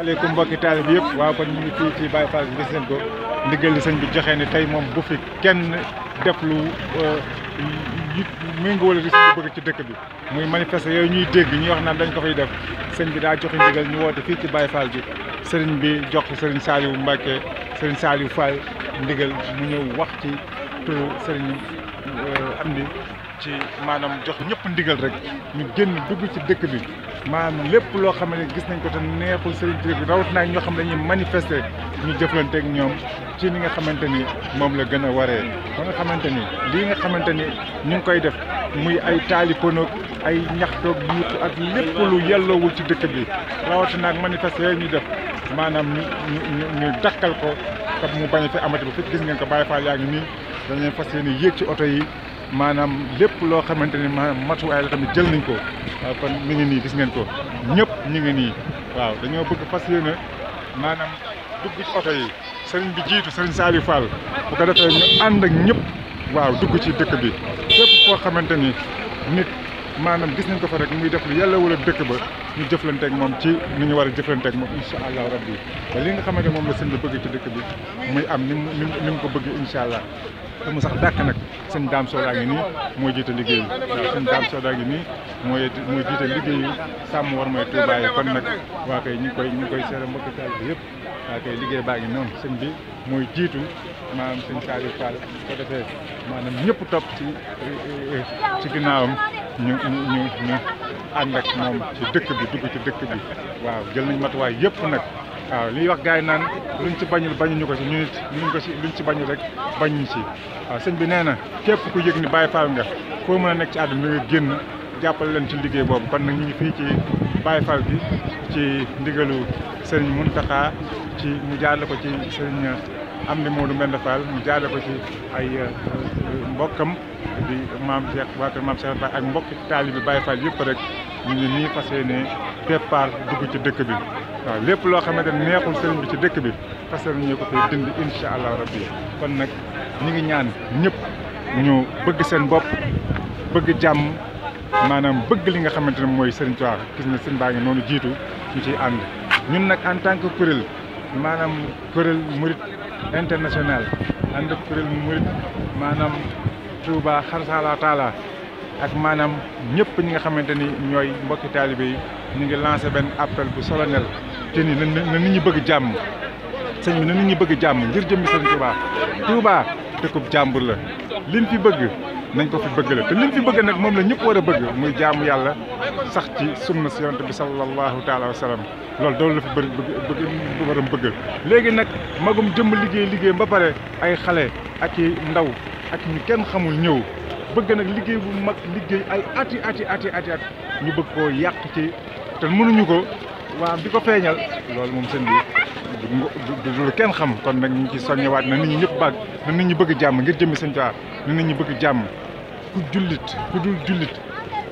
aleykum mbokki taalib yëpp waaw kon ñu ngi fii ci Baye Fall gis nañ ko ndigal li sëñ bi joxee ni tey moom bu fi kenn def lu mu ngi wala di bëgg ci dëkk bi muy manifeste yooyu ñuy dégg ñuy wax naan dañ ko fay def sëñ bi daa joxe ndigal ñu woote fii ci Baye faal bi sëriñ bi jox sëriñ Saliou Mbacke sëriñ Saliou Fall ndigal mu ñëw wax ci turu sëriñ euh, am ni ci maanaam jox ñëpp ndigal rek ñu génn dugg ci dëkk bi maanaam lépp loo xam ne gis nañ ko te neexul seen dëkk bi rawat naa ñoo xam ne dañuy manifester ñu jëflante ak ñoom ci ni nga xamante ni moom la gën a waree ba nga xamante ni lii nga xamante ni ñu ngi koy def muy ay taaliponoog ay ñaxtoog yuutu ak lépp lu yelloowul ci dëkk bi rawat naa ak manifester ñu def maanaam ñu ñu dakkal ko te mu bañ a fi amati ba fit gis ngeen ko Baye Fall yaa ngi nii dañuy fas yéene oto yi maanaam lépp loo xamante ni maanaam matuwaay la tamit jël nañ ko waaw kon mi ngi nii gis ngeen ko ñëpp ñu ngi nii waaw dañoo bëgg fas yéene maanaam dugg ci oto yi sëriñ bi jiitu sëriñ Saliou Fall bu ko defee ñu ànd ak ñëpp waaw dugg ci dëkk bi fépp koo xamante ni nit maanaam gis nañ ko fa rek muy def lu yàlla wala dëkk ba ñu jëflanteeg moom ci ni ñu war a jëflanteeg moom incha allah rabbi ba li nga xamante moom la sëñ bi bëgg ci dëkk bi muy am ni mu ni ko bëgg incha allah te mu sax dàkk nag sëñ daam soodaa gi nii mooy jiita liggéey bi waaw sëñ daam soodaa ngi nii mooy mooy jiite liggéeyu sàmm war mooy Tuubaa yi kon nag waa ñu ngi koy ñu koy seere mbokk taal bi yëpp waa kay liggéey baa ngi noonu sëñ bi mooy jiitu maanaam sëñ Saliou Fall ko defee maanaam ñëpp topp ci ci ginnaawam ñu ñu ñu ànd ak moom ci dëkk bi dugg ci dëkk bi waaw jël nañ matuwaay yëpp nag waaw liy wax gars yi naan luñ ci bañul bañuñu ko si ñu nit luñ ko si luñ ci bañul rek bañuñ si waaw sëñ bi nee na képp ku yëg ni Baye Fall nga foo mën a nekk ci àdduna nga génn jàppale leen ci liggéey boobu kon nag ñu ngi fii ci Baye fal bi ci ndigalu Serigne Mountakha ci mu jaarale ko ci Serigne Amdi Modou Mbende Fall mu jaarale ko ci ay euh, mbokkam di maam Cheikh waa kër maam Cheikh Fall ak mbokk taalibe Baye Fall yëpp rek ñu ngi nii fas yéene départ dugg ci dëkk bi. waaw lépp loo xamante ne neexul sëriñ bi ci dëkk bi fas ñu ko fay dindi insha allah rabbi kon nag ñi ngi ñaan ñëpp ñu bëgg seen bopp bëgg jàmm maanaam bëgg li nga xamante ne mooy sëriñ Tuubaa gis na sëñ baa ngi noonu jiitu ñu ciy ànd ñun nag en tant que kuréel maanaam kuréel murit international ànd ak kuréel murit maanaam Touba xarsala taala ak maanaam ñëpp ñi nga xamante ni ñooy mbokki taalibe yi ñu ngi lancé benn appel bu solennel te ni na ni ñi bëgg jàmm sëñ bi na nit ñi bëgg jàmm ngir jëmmi sëñ Touba Touba dëkkub jàmbur la lim fi bëgg nañ ko fi bëgg la te lim fi bëgg nag moom la ñëpp war a bëgg muy jaamu yàlla sax ci sunna si yonent bi sallallahu taala wa sallam loolu doolu la fi bëri bëgg waram bëgg léegi nag magum jëmm liggéey liggéey ba pare ay xale ak i ndaw ak ñu kenn xamul ñëw bëgg nag liggéey bu mag liggéey ay ati ati ati ati at ñu bëgg koo yàq ci te mënuñu ko waaw bi ko feeñal loolu moom seen bi du lu kenn xam kon nag ñu ci soññewaat na nit ñi ñëpp bàgg na nit ñi bëgg jàmm ngir jëmmi seen tuwaar na nit bëgg jàmm ku ku dul jullit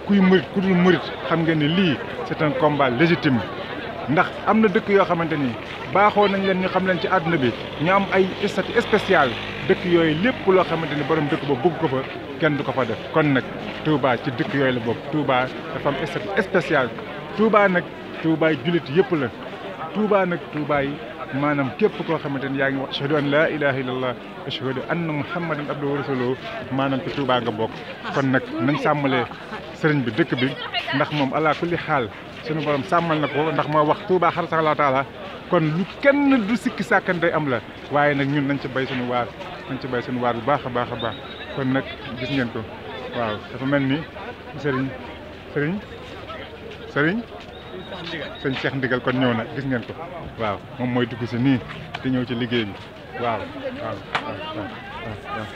kuy murit ku dul xam nga ni lii c'est un combat légitime ndax am na dëkk yoo xamante ni baaxoo nañ leen ñu xam leen ci àdduna bi ñu am ay statut spécial dëkk yooyu lépp loo xamante ni borom dëkk boobu bëgg ko fa kenn du ko fa def kon nag Touba ci dëkk yooyu la boobu Touba dafa am statut spécial Touba nag tuubaay jullit yëpp la tuubaa nag tuubaay maanaam képp koo xamante ni yaa ngi wax ashhadu an laa ilaha illallah ashhadu anna muhammadan abduhu wa rasuluhu maanaam ci tuubaa nga bokk kon nag nañ sàmmalee sëriñ bi dëkk bi ndax moom ala kulli xaal sunu borom sàmmal na ko ndax moo wax tuubaa xar sax la taala kon lu kenn du sikki sàkkante am la waaye nag ñun nañ ci bay suñu waar nañ ci bay suñu waar bu baax a baax a baax kon nag gis ngeen ko waaw dafa mel ni sëriñ sëñ Cheikh Ndigal kon ñëw na gis ngeen ko waaw moom mooy dugg si nii di ñëw ci liggéey bi waaw waaw waaw waaw